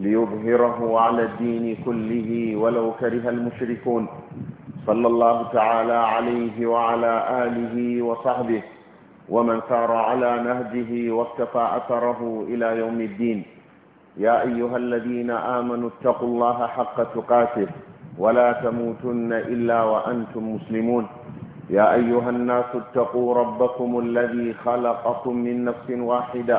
ليظهره على الدين كله ولو كره المشركون صلى الله تعالى عليه وعلى آله وصحبه ومن سار على نهجه واكتفى أثره إلى يوم الدين يا أيها الذين آمنوا اتقوا الله حق تقاته ولا تموتن إلا وأنتم مسلمون يا أيها الناس اتقوا ربكم الذي خلقكم من نفس واحدة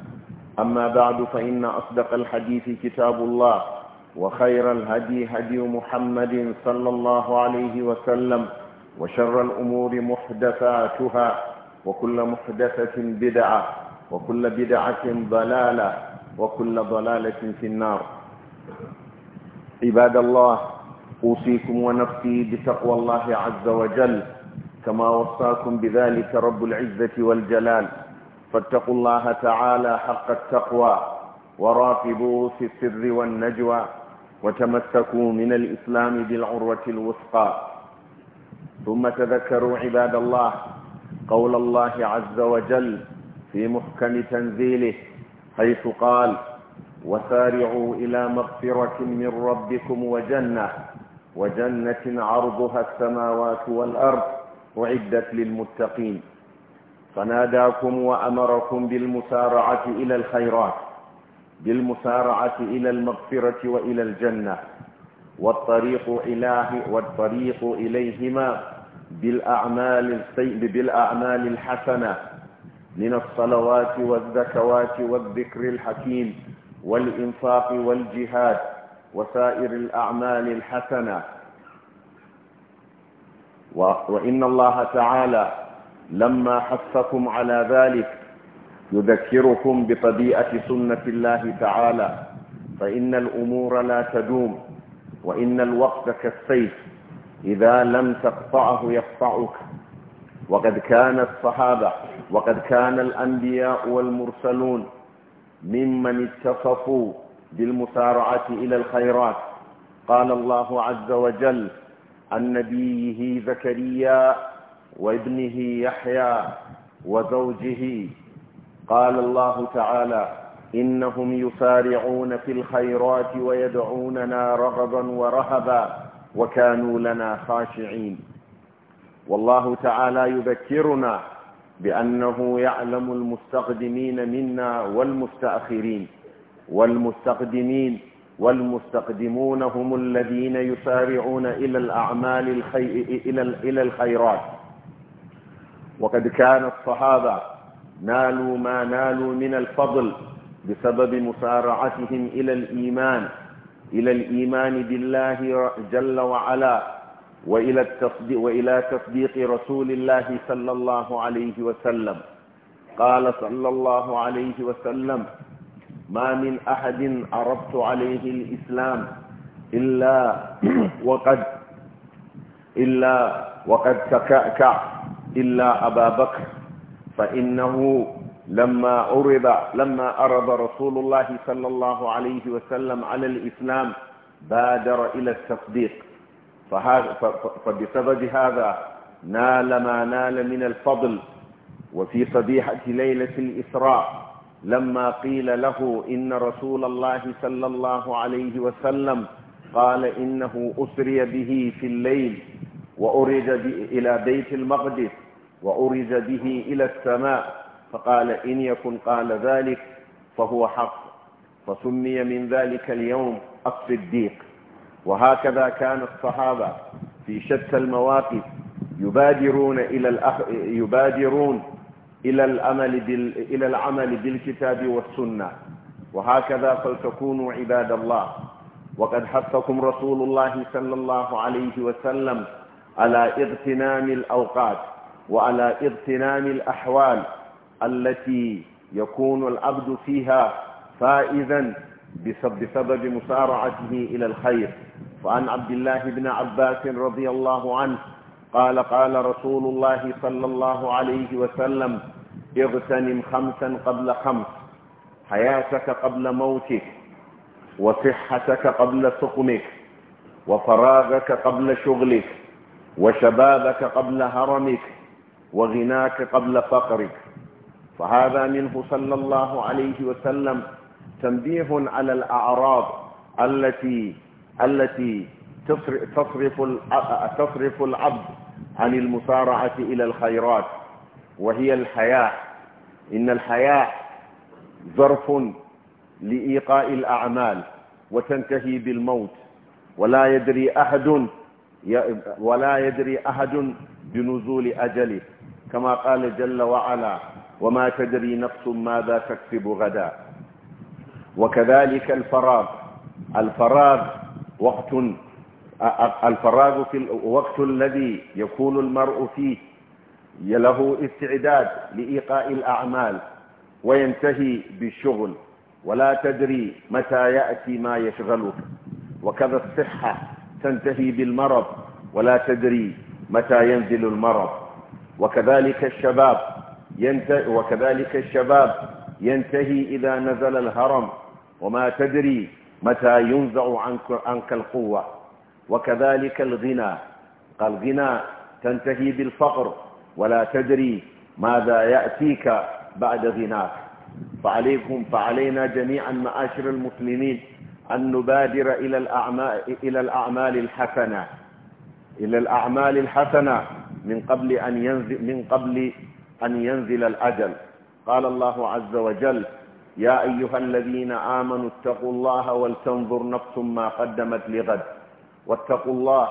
أما بعد فإن أصدق الحديث كتاب الله وخير الهدي هدي محمد صلى الله عليه وسلم وشر الأمور محدثاتها وكل محدثة بدعة وكل بدعة ضلالة وكل ضلالة في النار عباد الله أوصيكم ونفسي بتقوى الله عز وجل كما وصاكم بذلك رب العزة والجلال فاتقوا الله تعالى حق التقوى وراقبوه في السر والنجوى وتمسكوا من الإسلام بالعروة الوثقى ثم تذكروا عباد الله قول الله عز وجل في محكم تنزيله حيث قال وسارعوا إلى مغفرة من ربكم وجنة وجنة عرضها السماوات والأرض أعدت للمتقين فناداكم وأمركم بالمسارعة إلى الخيرات بالمسارعة إلى المغفرة وإلى الجنة والطريق إله والطريق إليهما بالأعمال بالأعمال الحسنة من الصلوات والزكوات والذكر الحكيم والإنفاق والجهاد وسائر الأعمال الحسنة وإن الله تعالى لما حثكم على ذلك يذكركم بطبيعة سنة الله تعالى فإن الأمور لا تدوم وإن الوقت كالسيف إذا لم تقطعه يقطعك وقد كان الصحابة وقد كان الأنبياء والمرسلون ممن اتصفوا بالمسارعة إلى الخيرات قال الله عز وجل عن نبيه زكريا وابنه يحيى وزوجه قال الله تعالى إنهم يسارعون في الخيرات ويدعوننا رغبا ورهبا وكانوا لنا خاشعين والله تعالى يذكرنا بأنه يعلم المستقدمين منا والمستأخرين والمستقدمين والمستقدمون هم الذين يسارعون إلى الأعمال الخي... إلى... إلى الخيرات وقد كان الصحابة نالوا ما نالوا من الفضل بسبب مسارعتهم إلى الإيمان إلى الإيمان بالله جل وعلا وإلى, التصديق وإلى تصديق رسول الله صلى الله عليه وسلم قال صلى الله عليه وسلم ما من أحد عرضت عليه الإسلام إلا وقد إلا وقد تكأكع إلا أبا بكر فإنه لما عرض لما أرض رسول الله صلى الله عليه وسلم على الإسلام بادر إلى التصديق فبسبب هذا نال ما نال من الفضل وفي صبيحة ليلة الإسراء لما قيل له إن رسول الله صلى الله عليه وسلم قال إنه أسري به في الليل وأرج إلى بيت المقدس وعرج به إلى السماء فقال إن يكن قال ذلك فهو حق فسمي من ذلك اليوم الصديق وهكذا كان الصحابة في شتى المواقف يبادرون إلى الأخ... يبادرون إلى الأمل بال... إلى العمل بالكتاب والسنة وهكذا فلتكونوا عباد الله وقد حثكم رسول الله صلى الله عليه وسلم على اغتنام الأوقات وعلى اغتنام الأحوال التي يكون العبد فيها فائزا بسبب مسارعته إلى الخير فعن عبد الله بن عباس رضي الله عنه قال قال رسول الله صلى الله عليه وسلم اغتنم خمسا قبل خمس حياتك قبل موتك وصحتك قبل سقمك وفراغك قبل شغلك وشبابك قبل هرمك وغناك قبل فقرك فهذا منه صلى الله عليه وسلم تنبيه على الأعراض التي التي تصرف تصرف العبد عن المسارعة إلى الخيرات وهي الحياء إن الحياء ظرف لإيقاء الأعمال وتنتهي بالموت ولا يدري أحد ولا يدري أحد بنزول أجله كما قال جل وعلا وما تدري نفس ماذا تكسب غدا وكذلك الفراغ الفراغ وقت الفراغ في الوقت الذي يكون المرء فيه له استعداد لإيقاء الأعمال وينتهي بالشغل ولا تدري متى يأتي ما يشغلك وكذا الصحة تنتهي بالمرض ولا تدري متى ينزل المرض وكذلك الشباب ينتهي وكذلك الشباب ينتهي إذا نزل الهرم وما تدري متى ينزع عنك, عنك القوة وكذلك الغنى الغنى تنتهي بالفقر ولا تدري ماذا يأتيك بعد غناك فعليكم فعلينا جميعا معاشر المسلمين أن نبادر إلى الأعمال, إلى الأعمال الحسنة إلى الأعمال الحسنة من قبل أن ينزل, من قبل أن ينزل الأجل قال الله عز وجل يا أيها الذين آمنوا اتقوا الله ولتنظر نفس ما قدمت لغد واتقوا الله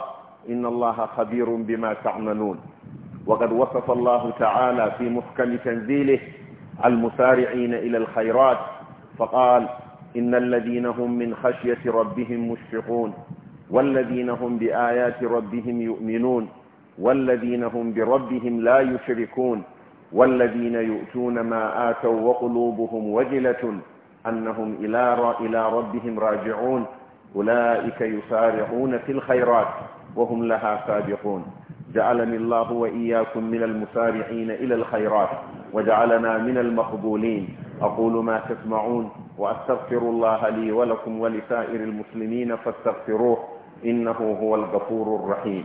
إن الله خبير بما تعملون وقد وصف الله تعالى في محكم تنزيله المسارعين إلى الخيرات فقال إن الذين هم من خشية ربهم مشفقون والذين هم بآيات ربهم يؤمنون والذين هم بربهم لا يشركون والذين يؤتون ما آتوا وقلوبهم وجلة أنهم إلى إلى ربهم راجعون أولئك يسارعون في الخيرات وهم لها سابقون جعلني الله وإياكم من المسارعين إلى الخيرات وجعلنا من المقبولين أقول ما تسمعون وأستغفر الله لي ولكم ولسائر المسلمين فاستغفروه إنه هو الغفور الرحيم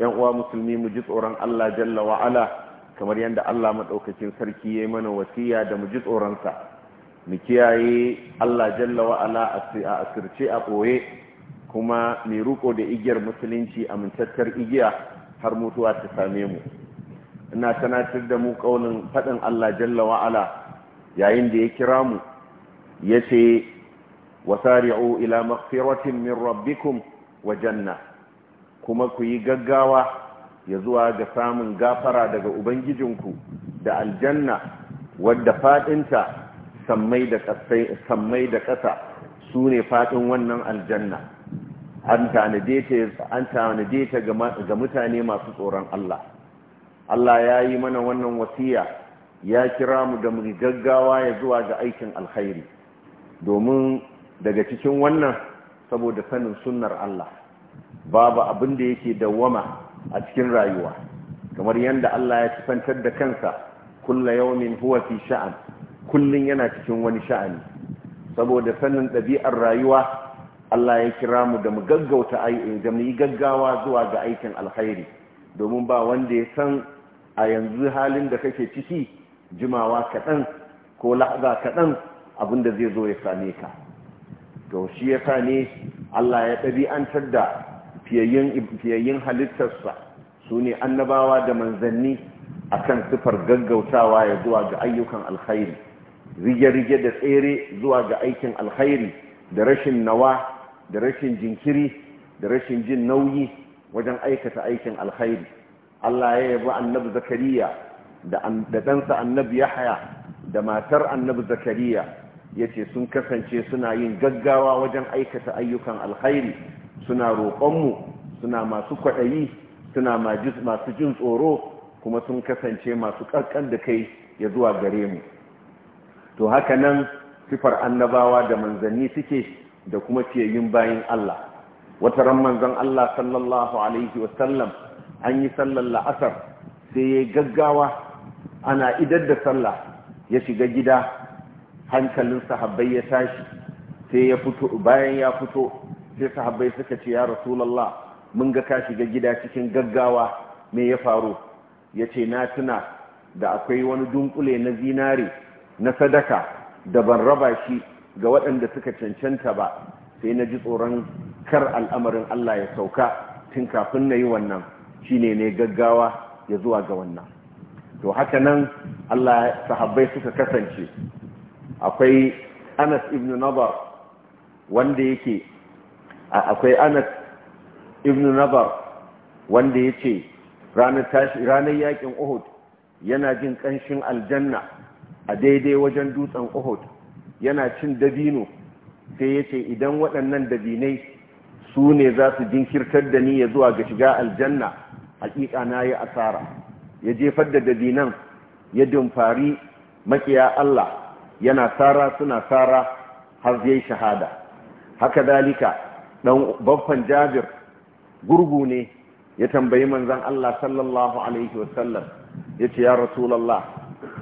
yan uwa musulmi mu ji tsoron Allah jalla wa kamar yadda Allah madaukakin sarki yayi mana wasiya da mu ji tsoron mu kiyaye Allah jalla wa a asirce a ɓoye kuma mai ruko da igiyar musulunci mintattar igiya har mutuwa ta same mu ina sanatar da mu kaunin faɗin Allah jalla wa yayin da ya kira mu ya ce wasari'u ila maghfiratin min rabbikum wa janna kuma ku yi gaggawa ya zuwa ga samun gafara daga ubangijinku da aljanna wadda fadinta sammai da ƙasa su ne fadin wannan aljanna an tanade ta ga mutane masu tsoron Allah Allah ya yi mana wannan wasiya ya kira mu da mu gaggawa ya zuwa ga aikin alkhairi domin daga cikin wannan saboda sanin sunnar Allah babu abin da yake dawwama a cikin rayuwa kamar yadda Allah ya sifantar da kansa kulla yawmin huwa fi sha'an kullun yana cikin wani sha'ani saboda sanin ɗabi'ar rayuwa Allah ya kira mu da mu gaggauta da mu yi gaggawa zuwa ga aikin alkhairi domin ba wanda ya san a yanzu halin da kake ciki jimawa kaɗan ko lahza kaɗan abinda zai zo ya same ka to shi ya sa ne Allah ya ɗabi'antar da fiyayyin halittarsa su ne annabawa da manzanni a kan sifar gaggautawa ya zuwa ga ayyukan alkhairi rige-rige da tsere zuwa ga aikin alkhairi da rashin nawa da rashin jinkiri da rashin jin nauyi wajen aikata aikin alkhairi Allah ya yabi annabi zakariya da ɗansa annabi yahaya da matar annabi zakariya ya ce sun kasance suna yin gaggawa wajen aikata ayyukan alkhairi suna roƙonmu suna masu kwaɗayi suna masu jin tsoro kuma sun kasance masu ƙarƙan da kai ya zuwa gare mu to haka nan sifar annabawa da manzanni suke da kuma fiyayyun bayan Allah wata ran manzan Allah sallallahu alaihi wasallam an yi sallar la'asar sai ya gaggawa ana idar da sallah ya shiga gida hankalin sahabbai ya tashi sai ya fito bayan ya fito sai sahabbai suka ce ya rasulullah mun ga ka shiga gida cikin gaggawa me ya faru ya ce na tuna da akwai wani dunkule na zinare na sadaka da ban raba shi ga waɗanda suka cancanta ba sai na ji tsoron kar al'amarin Allah ya sauka tun kafin na yi wannan shine na ne gaggawa ya zuwa ga wannan to haka nan Allah sahabbai suka kasance akwai anas ibn nabar wanda yake akwai anas ibn nabar wanda ya ce ranar yakin uhud yana jin kanshin aljanna a daidai wajen dutsen uhud yana cin dabino sai ya ce idan waɗannan dabinai su ne za su jinkirtar da ni ya zuwa ga shiga aljanna hakika na yi asara ya jefar da dabinan ya dumfari makiya Allah yana sara suna sara har zai shahada haka dalika dan baffan jabir gurgu ne ya tambayi manzon Allah sallallahu alaihi wasallam yace ya rasulallah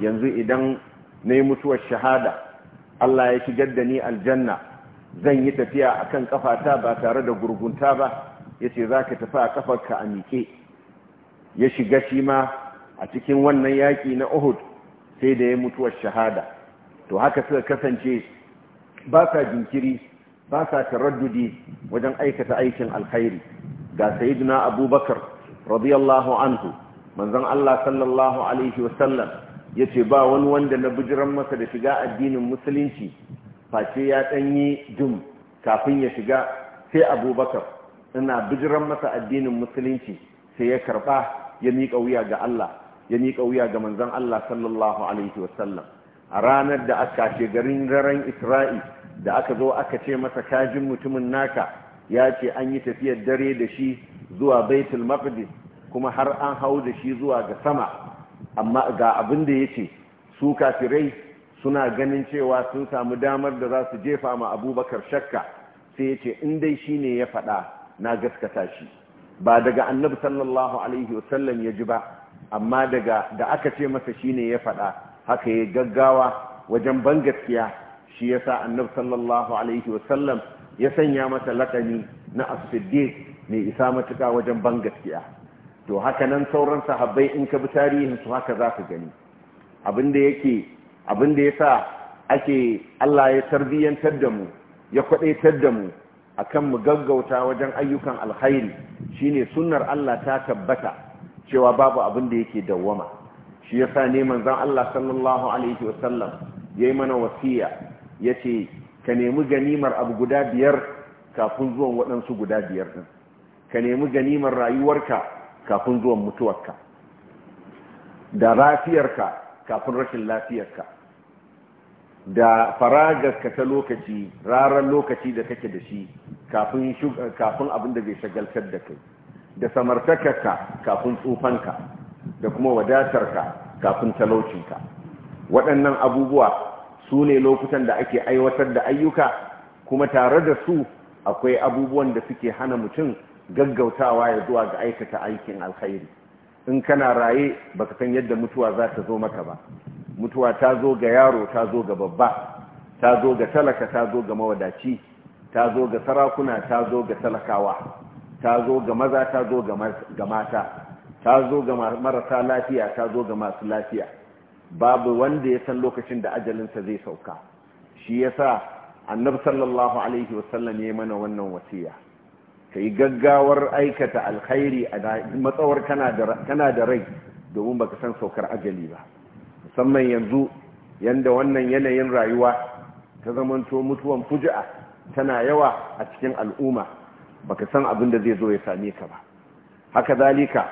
yanzu idan na yi mutuwar shahada Allah ya shigar da ni aljanna zan yi tafiya a akan kafata ba tare da gurgunta ba yace zaka tafi a kafarka a miƙe ya shiga shi ma a cikin wannan yaƙi na Uhud sai da ya mutuwar shahada to haka suka kasance ba ka jinkiri ba sa taraddudi wajen aikata aikin alkhairi ga sayyidina abubakar radiyallahu anhu manzon Allah sallallahu alaihi wasallam yace ba wani wanda na bujiran masa da shiga addinin musulunci face ya danyi jum kafin ya shiga sai abubakar ina bujiran masa addinin musulunci sai ya karba ya miƙa wuya ga Allah ya miƙa wuya ga manzon Allah sallallahu alaihi wasallam a ranar da aka garin raran Isra'i da aka zo aka ce masa kajin mutumin naka ya ce an yi tafiyar dare da shi zuwa baitul maqdis kuma har an hau da shi zuwa ga sama amma ga abin da ce su kafirai suna ganin cewa sun samu damar da za su jefa ma abubakar shakka sai yace in dai shine ya faɗa na gaskata shi ba daga annabi sallallahu alaihi wasallam ya ji ba amma daga da aka ce masa shine ya faɗa haka ya gaggawa wajen ban gaskiya shi yasa annabi sallallahu alaihi wasallam ya sanya masa lakani na as mai isa matuka wajen ban gaskiya to haka nan sauran sahabbai in ka bi tarihin su haka za ka gani abinda yake abinda yasa ake Allah ya tarbiyyantar da mu ya kwadaitar da mu kan mu gaggauta wajen ayyukan alkhairi shine sunnar Allah ta tabbata cewa babu abin da yake dawwama shi yasa ne manzon Allah sallallahu alaihi wasallam yayi mana wasiya ya ce ka nemi ganimar abu guda biyar kafin zuwan waɗansu guda biyar ɗin ka nemi ganimar rayuwarka kafin zuwan mutuwarka da lafiyarka kafin rashin lafiyarka da faragarka ta lokaci rarar lokaci da kake da shi kafin abin da zai shagaltar da kai da samartakarka kafin tsufanka da kuma wadatarka kafin talaucinka waɗannan abubuwa su ne lokutan da ake aiwatar da ayyuka kuma tare da su akwai abubuwan da suke hana mutum gaggautawa ya zuwa ga aikata aikin alkhairi in kana raye baka san yadda mutuwa za ta zo maka ba mutuwa ta zo ga yaro ta zo ga babba ta zo ga talaka ta zo ga mawadaci ta zo ga sarakuna ta zo ga talakawa ta zo ga maza ta zo ga mata ta zo ga marasa lafiya ta zo ga masu lafiya babu wanda ya san lokacin da ajalinsa zai sauka shi ya yasa annabi sallallahu alaihi wasallam ya mana wannan wasiya yi gaggawar aikata alkhairi a matsawar kana da rai domin baka san saukar ajali ba musamman yanzu yadda wannan yanayin rayuwa ta zamanto mutuwan fuji'a tana yawa a cikin al'umma baka san abin da zai zo ya same ka ba haka zalika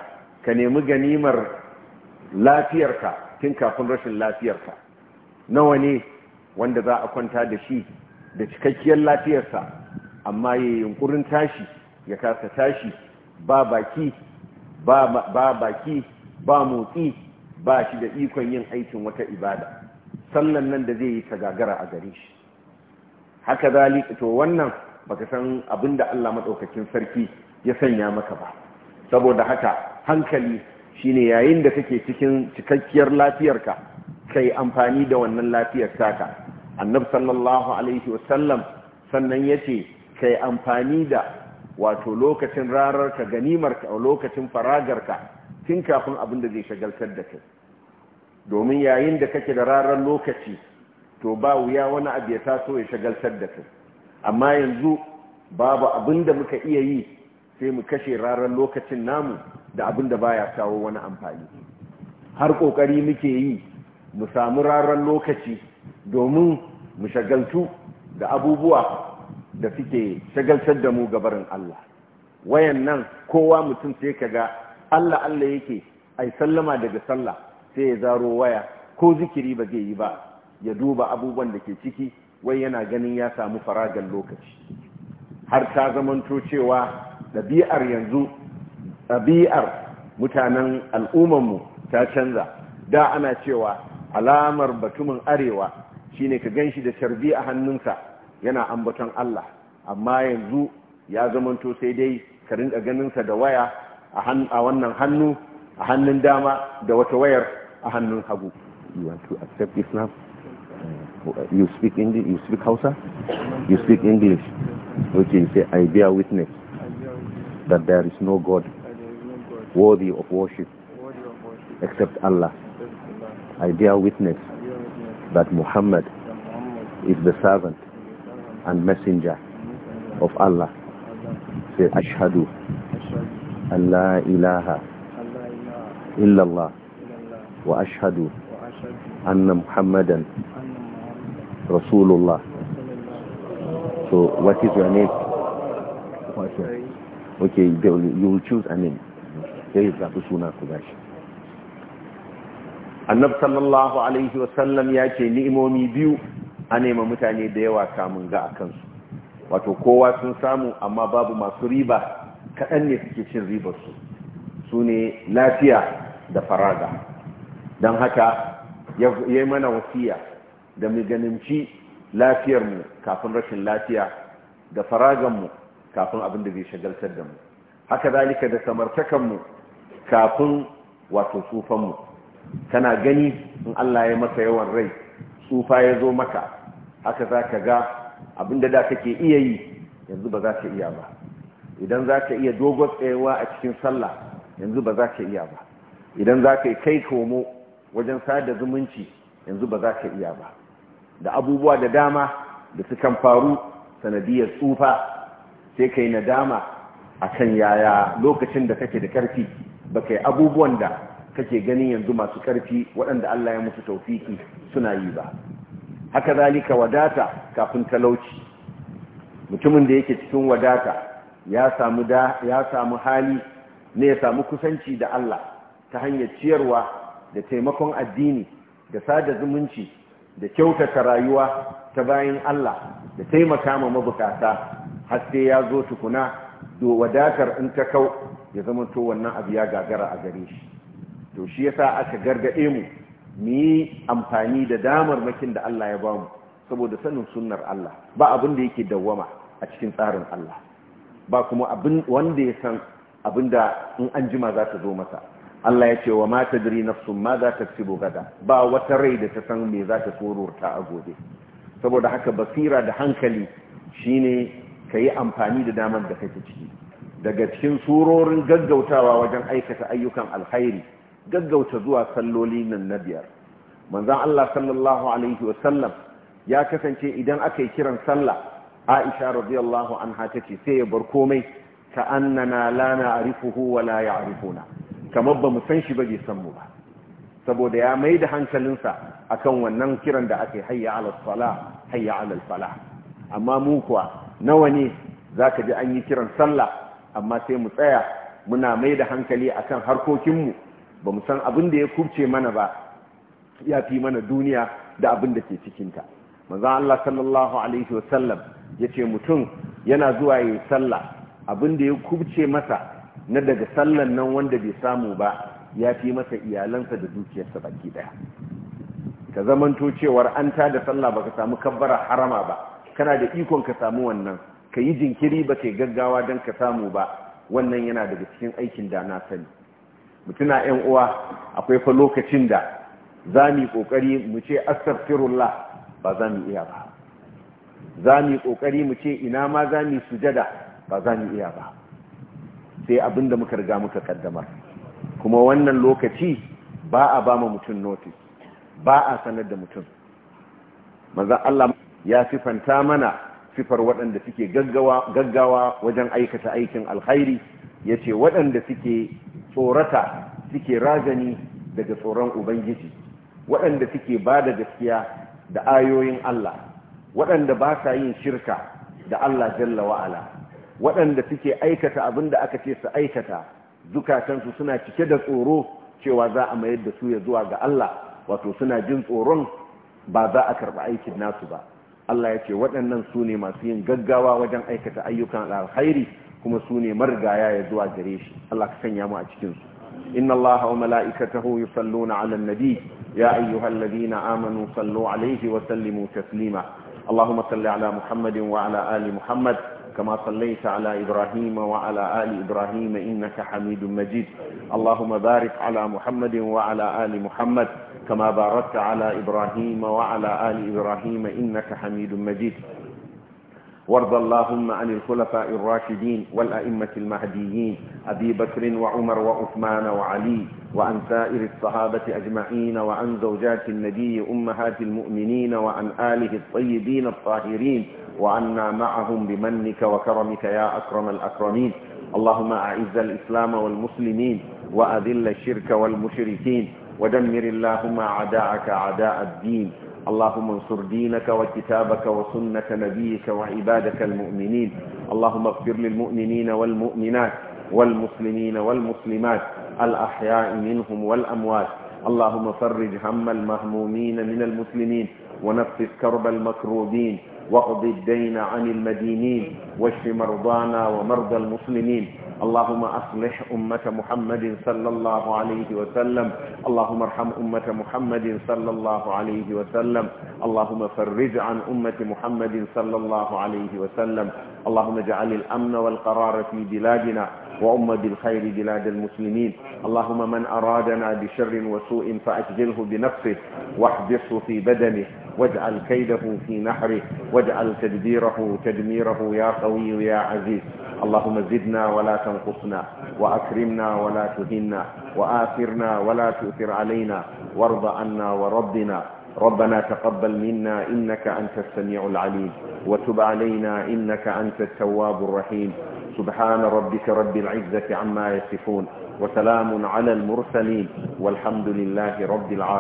ka nemi ganimar lafiyarka tun kafin rashin lafiyarsa nawa ne wanda za a kwanta da shi da cikakkiyar lafiyarsa amma ya yi yunkurin tashi ya kasa tashi ba baki ba baki ba motsi ba shi da ikon yin aikin wata ibada sallan nan da zai yi ta gagara a gare shi haka zali to wannan baka san abin da Allah madaukakin sarki ya sanya maka ba saboda haka hankali shine yayin da kake cikin cikakkiyar lafiyarka kai amfani da wannan lafiyar taka annab sallallahu alaihi wasallam sannan yace kai amfani da wato lokacin rararka ganimarka a lokacin faragarka tun kafin abin da zai shagaltar da kai domin yayin da kake da rarar lokaci to ba wuya wani abu ya taso ya shagaltar da kai amma yanzu babu abin da muka iya yi sai mu kashe rarar lokacin namu da abin da baya kawo wani amfani har kokari muke yi mu samu raran lokaci domin mu shagaltu da abubuwa da suke shagaltar da mu gabarin Allah Wayannan kowa mutum sai kaga Allah Allah yake ai sallama daga sallah sai ya zaro waya ko zikiri ba zai yi ba ya duba abubuwan da ke ciki wai yana ganin ya samu faragan lokaci har ta zamanto cewa ɗabi'ar yanzu ɗabi'ar mutanen al'ummanmu ta canza da ana cewa alamar batumin arewa shine ka ganshi da sharbi a hannunsa yana ambaton Allah amma yanzu ya zamanto sai dai ka rinka ganinsa da waya a wannan hannu a hannun dama da wata wayar a hannun hagu you want to accept islam you speak english you speak hausa you speak english okay you say i bear witness that there is no god worthy of worship except Allah. I bear witness that Muhammad is the servant and messenger of Allah. Say, Ashhadu an la ilaha illallah wa ashhadu anna Muhammadan Rasulullah. So what is your name? Okay, you will choose a name. sai ya zaɓi suna ku gashi annab sallallahu alaihi wasallam ya ce ni'imomi biyu a nema mutane da yawa kamun ga a kansu wato kowa sun samu amma babu masu riba kaɗan ne suke cin ribarsu su ne lafiya da faraga don haka ya yi mana wasiya da mu ganinci lafiyarmu kafin rashin lafiya da faraganmu kafin abin da zai shagaltar da mu haka zalika da samartakanmu kafin wato tsufanmu tana gani in Allah ya maka yawan rai tsufa ya zo maka haka za ka ga abinda da kake iya yi yanzu ba za ka iya ba idan za ka iya dogon tsayawa a cikin sallah yanzu ba za ka iya ba idan za ka kai komo wajen sada zumunci yanzu ba za ka iya ba da abubuwa da dama da sukan faru sanadiyar tsufa sai ka yi nadama a kan yaya lokacin da kake da karfi ba kai abubuwan da kake ganin yanzu masu ƙarfi waɗanda Allah ya musu taufiki suna yi ba haka zalika wadata kafin talauci mutumin da yake cikin wadata ya samu da ya samu hali ne ya samu kusanci da Allah ta hanyar ciyarwa da taimakon addini da sada zumunci da kyautata rayuwa ta bayan Allah da taimaka ma mabukata har sai ya zo tukuna do wadatar in ta kau ya zama to wannan abu ya gagara a gare shi to shi yasa aka gargade mu mu yi amfani da damar makin da Allah ya bamu saboda sanin sunnar Allah ba abin da yake dawwama a cikin tsarin Allah ba kuma abin wanda ya san abin da in an jima za ta zo masa Allah ya ce wa ma tadri nafsun ma za ta tsibo gada ba wata rai da ta san me za ta tsororta a gobe saboda haka basira da hankali shine ka yi amfani da damar da kake ciki daga cikin surorin gaggautawa wajen aikata ayyukan alkhairi gaggauta zuwa salloli nan na biyar manzon Allah sallallahu alaihi wasallam ya kasance idan aka yi kiran sallah Aisha radiyallahu anha tace sai ya bar komai ta annana la na'rifuhu wa la ya'rifuna kamar ba mu san shi ba bai san mu ba saboda ya mai da hankalinsa akan wannan kiran da ake hayya ala sala hayya ala falah amma mu kuwa nawa ne zaka ji an yi kiran sallah amma sai mu tsaya muna mai da hankali kan harkokinmu ba mu san abin da ya kubce mana ba ya fi mana duniya da abin da ke cikinta maza Allah sallallahu alaihi wasallam ya ce mutum yana zuwa ya yi sallah abin da ya kubce masa na daga sallan nan wanda bai samu ba ya fi masa iyalansa da dukiyarsa baki daya ka zamanto cewar an ta da sallah ka samu kabbara harama ba kana da ikon ka samu wannan ka yi jinkiri ba kai gaggawa don ka samu ba wannan yana daga cikin aikin da na sani mutuna yan uwa akwai fa lokacin da za mu yi ƙoƙari mu ce astaghfirullah ba za mu iya ba za mu yi ƙoƙari mu ce ina ma za mu yi sujada ba za mu iya ba sai abin da muka riga muka kaddamar kuma wannan lokaci ba a ba ma mutum notice ba a sanar da mutum maza Allah ya sifanta mana sifar waɗanda suke gaggawa wajen aikata aikin alkhairi ya ce waɗanda suke tsorata suke ragani daga tsoron ubangiji waɗanda suke ba da gaskiya da ayoyin Allah waɗanda ba sa yin shirka da Allah jalla wa'ala waɗanda suke aikata abin da aka ce su aikata zukatansu suna cike da tsoro cewa za a mayar da su ya zuwa ga Allah wato suna jin tsoron ba za a karɓi aikin nasu ba Allah ya ce waɗannan su ne masu yin gaggawa wajen aikata ayyukan alkhairi kuma su ne marigaya ya zuwa gare shi Allah ka sanya mu a cikinsu inna Allah wa mala'ikatahu yusalluna ala nabi ya ayyuhalladhina amanu sallu 'alayhi wa sallimu taslima Allahumma salli 'ala Muhammadin wa 'ala ali Muhammad كما صليت على إبراهيم وعلى آل إبراهيم إنك حميد مجيد اللهم بارك على محمد وعلى آل محمد كما باركت على إبراهيم وعلى آل إبراهيم إنك حميد مجيد وارض اللهم عن الخلفاء الراشدين والأئمة المهديين أبي بكر وعمر وعثمان وعلي وعن سائر الصحابة أجمعين وعن زوجات النبي أمهات المؤمنين وعن آله الطيبين الطاهرين وعنا معهم بمنك وكرمك يا أكرم الأكرمين اللهم أعز الإسلام والمسلمين وأذل الشرك والمشركين ودمر اللهم عداءك عداء الدين اللهم انصر دينك وكتابك وسنة نبيك وعبادك المؤمنين اللهم اغفر للمؤمنين والمؤمنات والمسلمين والمسلمات الأحياء منهم والأموات اللهم فرج هم المهمومين من المسلمين ونفس كرب المكروبين واقض الدين عن المدينين واشف مرضانا ومرضى المسلمين اللهم أصلح أمة محمد صلى الله عليه وسلم اللهم ارحم أمة محمد صلى الله عليه وسلم اللهم فرج عن أمة محمد صلى الله عليه وسلم اللهم اجعل الأمن والقرار في بلادنا وأمة بالخير بلاد المسلمين اللهم من أرادنا بشر وسوء فأجله بنفسه واحبسه في بدنه واجعل كيده في نحره واجعل تدبيره تدميره يا قوي يا عزيز اللهم زدنا ولا تنقصنا وأكرمنا ولا تهنا وآثرنا ولا تؤثر علينا وارض عنا وربنا ربنا تقبل منا إنك أنت السميع العليم وتب علينا إنك أنت التواب الرحيم سبحان ربك رب العزة عما يصفون وسلام على المرسلين والحمد لله رب العالمين